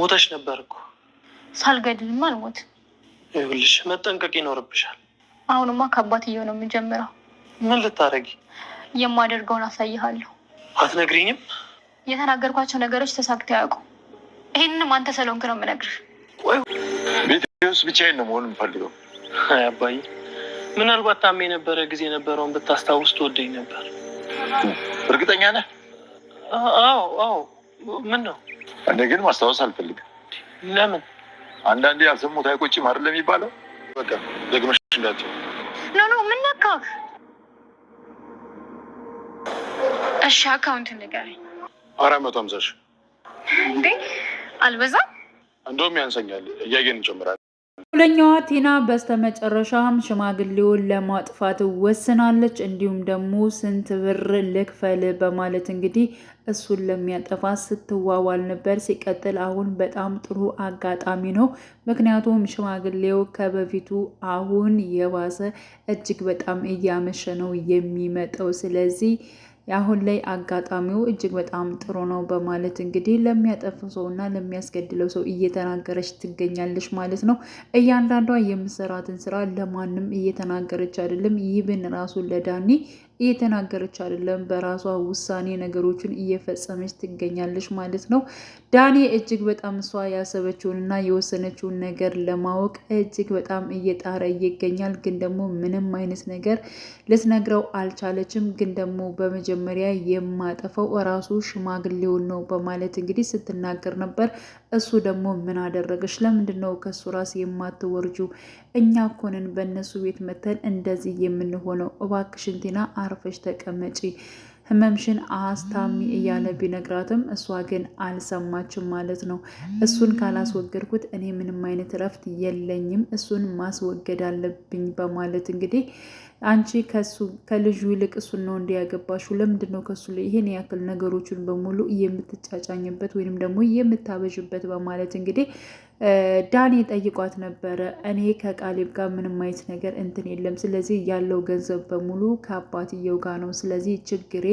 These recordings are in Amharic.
ሞተሽ ነበር እኮ። ሳልገድልማ አልሞት። ይኸውልሽ መጠንቀቅ ይኖርብሻል። አሁንማ ከአባትየው ነው የምጀምረው። ምን ልታደርጊ? የማደርገውን አሳይሃለሁ። አትነግሪኝም? የተናገርኳቸው ነገሮች ተሳክተው ያውቁ። ይህንንም አንተ ሰሎንክ ነው የምነግር ቤቴ ውስጥ ብቻዬን ነው መሆን የምፈልገው። አባዬ ምናልባት ታሜ የነበረ ጊዜ የነበረውን ብታስታውስ ትወደኝ ነበር። እርግጠኛ ነህ? አዎ አዎ። ምን ነው እኔ ግን ማስታወስ አልፈልግም። ለምን አንዳንዴ ያልሰሙት አይቆጭም አይደለም የሚባለው። በቃ ደግመሽ እንዳትዪው። ኖ ኖ፣ ምን ነካ? እሺ አካውንት ንገረኝ። አራት መቶ ሀምሳ ሺህ እንዴ፣ አልበዛም? እንደውም ያንሰኛል። እያየን እንጨምራለን ሁለኛዋ ቲና በስተመጨረሻም ሽማግሌውን ለማጥፋት ወስናለች። እንዲሁም ደግሞ ስንት ብር ልክፈል በማለት እንግዲህ እሱን ለሚያጠፋ ስትዋዋል ነበር። ሲቀጥል አሁን በጣም ጥሩ አጋጣሚ ነው። ምክንያቱም ሽማግሌው ከበፊቱ አሁን የባሰ እጅግ በጣም እያመሸ ነው የሚመጣው። ስለዚህ አሁን ላይ አጋጣሚው እጅግ በጣም ጥሩ ነው በማለት እንግዲህ ለሚያጠፋ ሰው እና ለሚያስገድለው ሰው እየተናገረች ትገኛለች ማለት ነው። እያንዳንዷ የምሰራትን ስራ ለማንም እየተናገረች አይደለም። ይህ ብን ለዳኒ እየተናገረች አይደለም፣ በራሷ ውሳኔ ነገሮችን እየፈጸመች ትገኛለች ማለት ነው። ዳኔ እጅግ በጣም እሷ ያሰበችውንና የወሰነችውን ነገር ለማወቅ እጅግ በጣም እየጣረ ይገኛል። ግን ደግሞ ምንም አይነት ነገር ልትነግረው አልቻለችም። ግን ደግሞ በመጀመሪያ የማጠፈው እራሱ ሽማግሌውን ነው በማለት እንግዲህ ስትናገር ነበር። እሱ ደግሞ ምን አደረገች? ለምንድን ነው ከሱ ራስ የማትወርጁ? እኛ ኮንን በእነሱ ቤት መተን እንደዚህ የምንሆነው? እባክሽን አርፈሽ ተቀመጪ ህመምሽን አስታሚ እያለ ቢነግራትም እሷ ግን አልሰማችም ማለት ነው። እሱን ካላስወገድኩት እኔ ምንም አይነት እረፍት የለኝም፣ እሱን ማስወገድ አለብኝ በማለት እንግዲህ አንቺ ከልጁ ይልቅ እሱን ነው እንዲያገባሹ ለምንድን ነው ከሱ ላይ ይሄን ያክል ነገሮችን በሙሉ የምትጫጫኝበት ወይንም ደግሞ የምታበዥበት? በማለት እንግዲህ ዳኒ ጠይቋት ነበረ። እኔ ከቃሌብ ጋር ምንም አይነት ነገር እንትን የለም። ስለዚህ ያለው ገንዘብ በሙሉ ከአባትየው ጋር ነው። ስለዚህ ችግሬ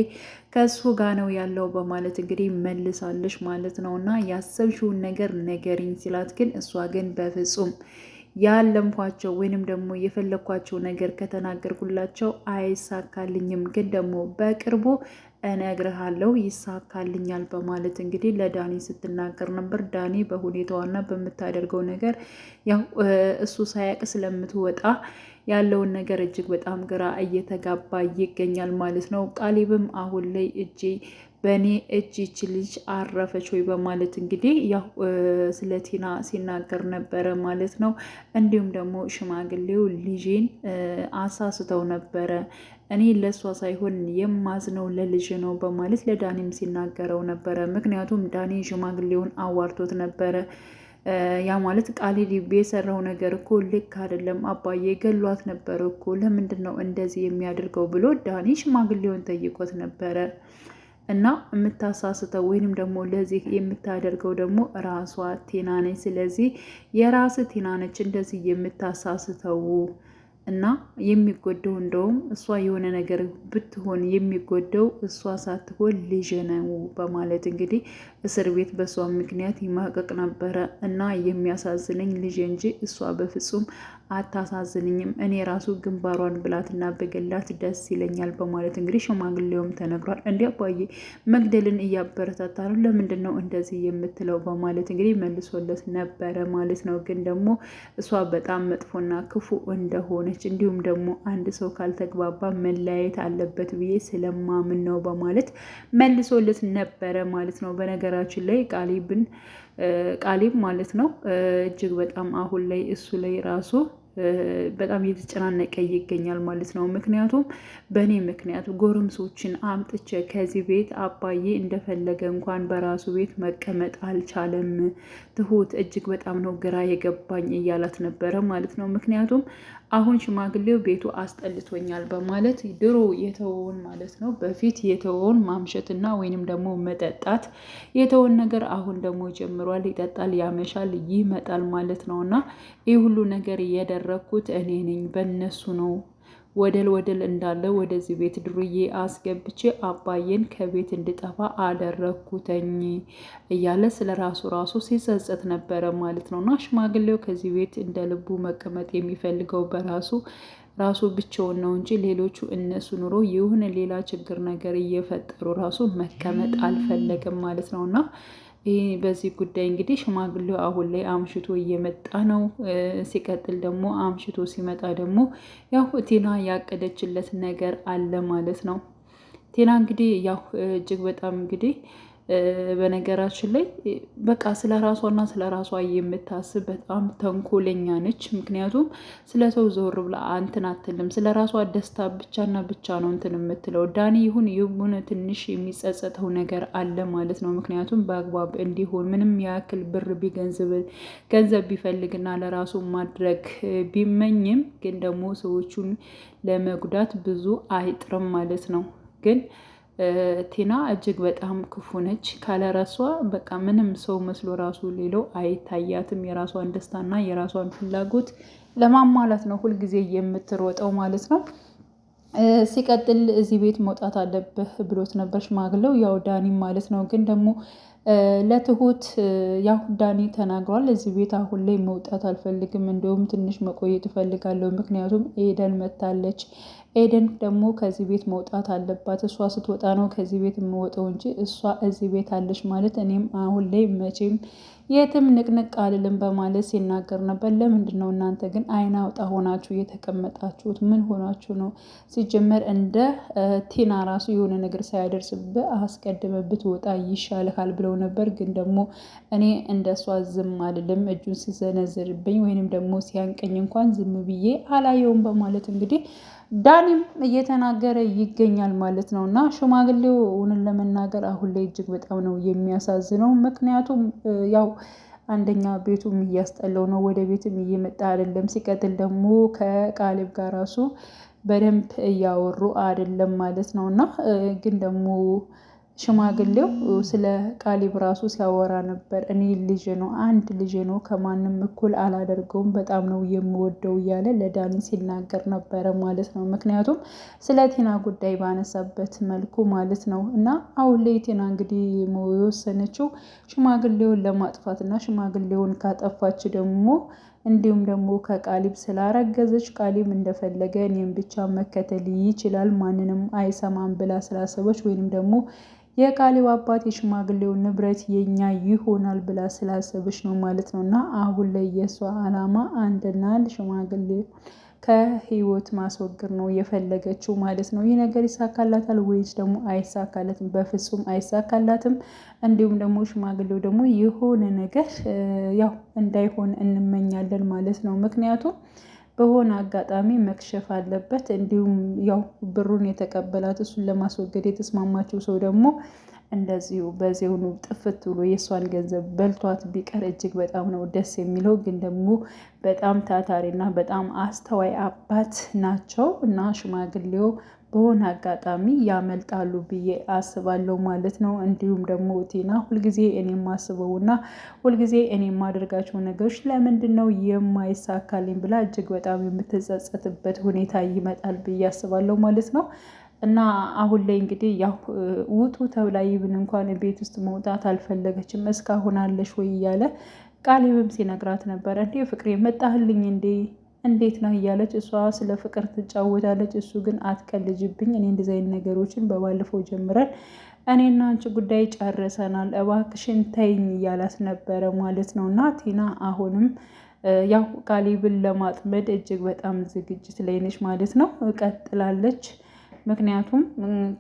ከእሱ ጋር ነው ያለው በማለት እንግዲህ መልሳለች ማለት ነው እና ያሰብሽውን ነገር ነገሪኝ ሲላት ግን እሷ ግን በፍጹም ያለምኳቸው ወይንም ደግሞ የፈለግኳቸው ነገር ከተናገርኩላቸው አይሳካልኝም፣ ግን ደግሞ በቅርቡ እነግርሃለሁ ይሳካልኛል በማለት እንግዲህ ለዳኒ ስትናገር ነበር። ዳኒ በሁኔታዋና በምታደርገው ነገር ያው እሱ ሳያቅ ስለምትወጣ ያለውን ነገር እጅግ በጣም ግራ እየተጋባ ይገኛል ማለት ነው። ቃሊብም አሁን ላይ እጄ በእኔ እጅ ይች ልጅ አረፈች ወይ በማለት እንግዲህ ያው ስለ ቲና ሲናገር ነበረ ማለት ነው። እንዲሁም ደግሞ ሽማግሌው ልጄን አሳስተው ነበረ እኔ ለእሷ ሳይሆን የማዝነው ለልጅ ነው በማለት ለዳኒም ሲናገረው ነበረ። ምክንያቱም ዳኒ ሽማግሌውን አዋርቶት ነበረ። ያ ማለት ቃሊብ የሰራው ነገር እኮ ልክ አይደለም አባዬ ገሏት ነበር እኮ ለምንድን ነው እንደዚህ የሚያደርገው ብሎ ዳኒ ሽማግሌውን ጠይቆት ነበረ። እና የምታሳስተው ወይንም ደግሞ ለዚህ የምታደርገው ደግሞ ራሷ ቲና ነች። ስለዚህ የራስ ቲና ነች እንደዚህ የምታሳስተው እና የሚጎደው እንደውም እሷ የሆነ ነገር ብትሆን የሚጎደው እሷ ሳትሆን ልጅ ነው በማለት እንግዲህ እስር ቤት በእሷ ምክንያት ይማቀቅ ነበረ እና የሚያሳዝነኝ ልጅ እንጂ እሷ በፍጹም አታሳዝንኝም እኔ ራሱ ግንባሯን ብላትና በገላት ደስ ይለኛል በማለት እንግዲህ ሽማግሌውም ተነግሯል። እንዲ አባዬ መግደልን እያበረታታ ነው ለምንድን ነው እንደዚህ የምትለው በማለት እንግዲህ መልሶለት ነበረ ማለት ነው። ግን ደግሞ እሷ በጣም መጥፎና ክፉ እንደሆነች እንዲሁም ደግሞ አንድ ሰው ካልተግባባ መለያየት አለበት ብዬ ስለማምን ነው በማለት መልሶለት ነበረ ማለት ነው። በነገራችን ላይ ቃሊብን ቃሊብ ማለት ነው። እጅግ በጣም አሁን ላይ እሱ ላይ ራሱ በጣም እየተጨናነቀ ይገኛል ማለት ነው። ምክንያቱም በእኔ ምክንያት ጎረምሶችን አምጥቼ ከዚህ ቤት አባዬ እንደፈለገ እንኳን በራሱ ቤት መቀመጥ አልቻለም። ትሁት እጅግ በጣም ነው ግራ የገባኝ እያላት ነበረ ማለት ነው። ምክንያቱም አሁን ሽማግሌው ቤቱ አስጠልቶኛል በማለት ድሮ የተወውን ማለት ነው በፊት የተወውን ማምሸትና ወይንም ደግሞ መጠጣት የተወውን ነገር አሁን ደግሞ ጀምሯል። ይጠጣል፣ ያመሻል፣ ይመጣል ማለት ነው እና ይህ ሁሉ ነገር የደረግኩት እኔ ነኝ በነሱ ነው ወደል ወደል እንዳለ ወደዚህ ቤት ድሩዬ አስገብቼ አባዬን ከቤት እንድጠፋ አደረግኩተኝ እያለ ስለ ራሱ ራሱ ሲጸጸት ነበረ ማለት ነው። እና ሽማግሌው ከዚህ ቤት እንደ ልቡ መቀመጥ የሚፈልገው በራሱ ራሱ ብቻውን ነው እንጂ ሌሎቹ እነሱ ኑሮ ይሁን ሌላ ችግር ነገር እየፈጠሩ ራሱ መቀመጥ አልፈለግም ማለት ነው እና በዚህ ጉዳይ እንግዲህ ሽማግሌው አሁን ላይ አምሽቶ እየመጣ ነው። ሲቀጥል ደግሞ አምሽቶ ሲመጣ ደግሞ ያው ቴና ያቀደችለት ነገር አለ ማለት ነው። ቴና እንግዲህ ያው እጅግ በጣም እንግዲህ በነገራችን ላይ በቃ ስለ ራሷና ስለ ራሷ የምታስብ በጣም ተንኮለኛ ነች። ምክንያቱም ስለ ሰው ዞር ብላ እንትን አትልም። ስለ ራሷ ደስታ ብቻና ብቻ ነው እንትን የምትለው። ዳኒ ይሁን የሆነ ትንሽ የሚጸጸተው ነገር አለ ማለት ነው። ምክንያቱም በአግባብ እንዲሆን ምንም ያክል ብር ቢገንዝብ ገንዘብ ቢፈልግና ለራሱ ማድረግ ቢመኝም ግን ደግሞ ሰዎቹን ለመጉዳት ብዙ አይጥርም ማለት ነው ግን ቲና እጅግ በጣም ክፉ ነች። ካለራሷ በቃ ምንም ሰው መስሎ ራሱ ሌለው አይታያትም። የራሷን ደስታና የራሷን ፍላጎት ለማሟላት ነው ሁልጊዜ የምትሮጠው ማለት ነው። ሲቀጥል እዚህ ቤት መውጣት አለብህ ብሎት ነበር ሽማግለው፣ ያው ዳኒም ማለት ነው። ግን ደግሞ ለትሁት ያው ዳኒ ተናግሯል። እዚህ ቤት አሁን ላይ መውጣት አልፈልግም፣ እንዲሁም ትንሽ መቆየት እፈልጋለሁ። ምክንያቱም ኤደን መታለች። ኤደን ደግሞ ከዚህ ቤት መውጣት አለባት። እሷ ስትወጣ ነው ከዚህ ቤት የምወጣው እንጂ እሷ እዚህ ቤት አለች ማለት እኔም አሁን ላይ መቼም የትም ንቅንቅ አልልም በማለት ሲናገር ነበር። ለምንድን ነው እናንተ ግን አይን አውጣ ሆናችሁ የተቀመጣችሁት? ምን ሆናችሁ ነው? ሲጀመር እንደ ቲና ራሱ የሆነ ነገር ሳያደርስብህ አስቀድመህ ብትወጣ ይሻልሃል ብለው ነበር። ግን ደግሞ እኔ እንደሷ ዝም አልልም፣ እጁን ሲዘነዝርብኝ ወይንም ደግሞ ሲያንቀኝ እንኳን ዝም ብዬ አላየውም በማለት እንግዲህ ዳኒም እየተናገረ ይገኛል ማለት ነው። እና ሽማግሌው እውነት ለመናገር አሁን ላይ እጅግ በጣም ነው የሚያሳዝነው። ምክንያቱም ያው አንደኛ ቤቱም እያስጠላው ነው፣ ወደ ቤትም እየመጣ አይደለም። ሲቀጥል ደግሞ ከቃሊብ ጋር ራሱ በደንብ እያወሩ አይደለም ማለት ነው እና ግን ደግሞ ሽማግሌው ስለ ቃሊብ ራሱ ሲያወራ ነበር። እኔ ልጅ ነው አንድ ልጅ ነው ከማንም እኩል አላደርገውም፣ በጣም ነው የምወደው እያለ ለዳኒ ሲናገር ነበረ ማለት ነው። ምክንያቱም ስለ ቴና ጉዳይ ባነሳበት መልኩ ማለት ነው። እና አሁን ላይ ቴና እንግዲህ የወሰነችው ሽማግሌውን ለማጥፋት እና ሽማግሌውን ካጠፋች ደግሞ እንዲሁም ደግሞ ከቃሊብ ስላረገዘች ቃሊብ እንደፈለገ እኔም ብቻ መከተል ይችላል ማንንም አይሰማም ብላ ስላሰበች ወይንም ደግሞ የቃሊብ አባት የሽማግሌው ንብረት የኛ ይሆናል ብላ ስላሰበች ነው ማለት ነው። እና አሁን ላይ የእሷ አላማ አንድና አንድ ሽማግሌው ከህይወት ማስወገድ ነው የፈለገችው ማለት ነው። ይህ ነገር ይሳካላታል ወይስ ደግሞ አይሳካለትም? በፍጹም አይሳካላትም። እንዲሁም ደግሞ ሽማግሌው ደግሞ የሆነ ነገር ያው እንዳይሆን እንመኛለን ማለት ነው። ምክንያቱም በሆነ አጋጣሚ መክሸፍ አለበት። እንዲሁም ያው ብሩን የተቀበላት እሱን ለማስወገድ የተስማማችው ሰው ደግሞ እንደዚሁ በዚያውኑ ጥፍት ብሎ የእሷን ገንዘብ በልቷት ቢቀር እጅግ በጣም ነው ደስ የሚለው። ግን ደግሞ በጣም ታታሪና በጣም አስተዋይ አባት ናቸው እና ሽማግሌው በሆነ አጋጣሚ ያመልጣሉ ብዬ አስባለሁ ማለት ነው። እንዲሁም ደግሞ ቲና ሁልጊዜ እኔ የማስበውና ሁልጊዜ እኔ የማደርጋቸው ነገሮች ለምንድን ነው የማይሳካልኝ ብላ እጅግ በጣም የምትጸጸትበት ሁኔታ ይመጣል ብዬ አስባለሁ ማለት ነው። እና አሁን ላይ እንግዲህ ያው ውጡ ተብላ ይብን እንኳን ቤት ውስጥ መውጣት አልፈለገችም። እስካሁን አለሽ ወይ እያለ ቃሌብም ሲነግራት ነበረ። እንዴ ፍቅሬ መጣህልኝ እንዴ እንዴት ነው እያለች እሷ ስለ ፍቅር ትጫወታለች። እሱ ግን አትቀልጅብኝ፣ እኔ እንደዚህ አይነት ነገሮችን በባለፈው ጀምረን እኔና አንቺ ጉዳይ ጨርሰናል፣ እባክሽን ተይኝ እያላት ነበረ ማለት ነው እና ቲና አሁንም ያው ቃሌብን ለማጥመድ እጅግ በጣም ዝግጅት ላይ ነች ማለት ነው። ቀጥላለች። ምክንያቱም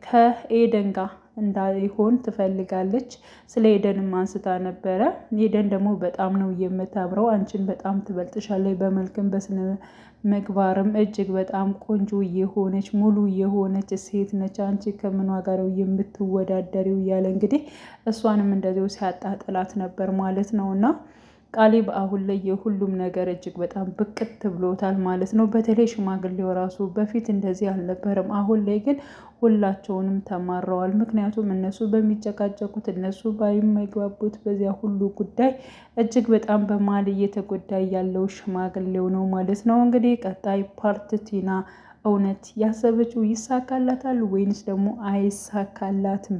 ከኤደን ጋር እንዳይሆን ትፈልጋለች። ስለ ኤደንም አንስታ ነበረ። ኤደን ደግሞ በጣም ነው የምታምረው፣ አንቺን በጣም ትበልጥሻለች። በመልክም በስነ ምግባርም እጅግ በጣም ቆንጆ የሆነች ሙሉ የሆነች ሴት ነች። አንቺ ከምኗ ጋር የምትወዳደሪው እያለ እንግዲህ እሷንም እንደዚው ሲያጣጥላት ነበር ማለት ነው እና ቃሊብ አሁን ላይ የሁሉም ነገር እጅግ በጣም ብቅት ብሎታል ማለት ነው። በተለይ ሽማግሌው ራሱ በፊት እንደዚህ አልነበረም። አሁን ላይ ግን ሁላቸውንም ተማረዋል። ምክንያቱም እነሱ በሚጨቃጨቁት እነሱ ባይመግባቡት በዚያ ሁሉ ጉዳይ እጅግ በጣም በማል እየተጎዳ ያለው ሽማግሌው ነው ማለት ነው። እንግዲህ ቀጣይ ፓርት ቲና እውነት ያሰበችው ይሳካላታል ወይንስ ደግሞ አይሳካላትም?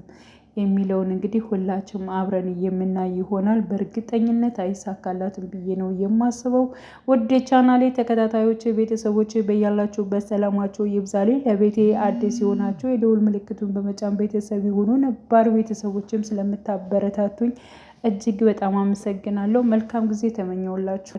የሚለውን እንግዲህ ሁላችንም አብረን የምናይ ይሆናል። በእርግጠኝነት አይሳካላትም ብዬ ነው የማስበው። ወደ ቻናሌ ተከታታዮች ቤተሰቦች በያላችሁበት ሰላማቸው ይብዛሌ። ለቤቴ አዲስ የሆናችሁ የደውል ምልክቱን በመጫን ቤተሰብ የሆኑ ነባር ቤተሰቦችም ስለምታበረታቱኝ እጅግ በጣም አመሰግናለሁ። መልካም ጊዜ ተመኘውላችሁ።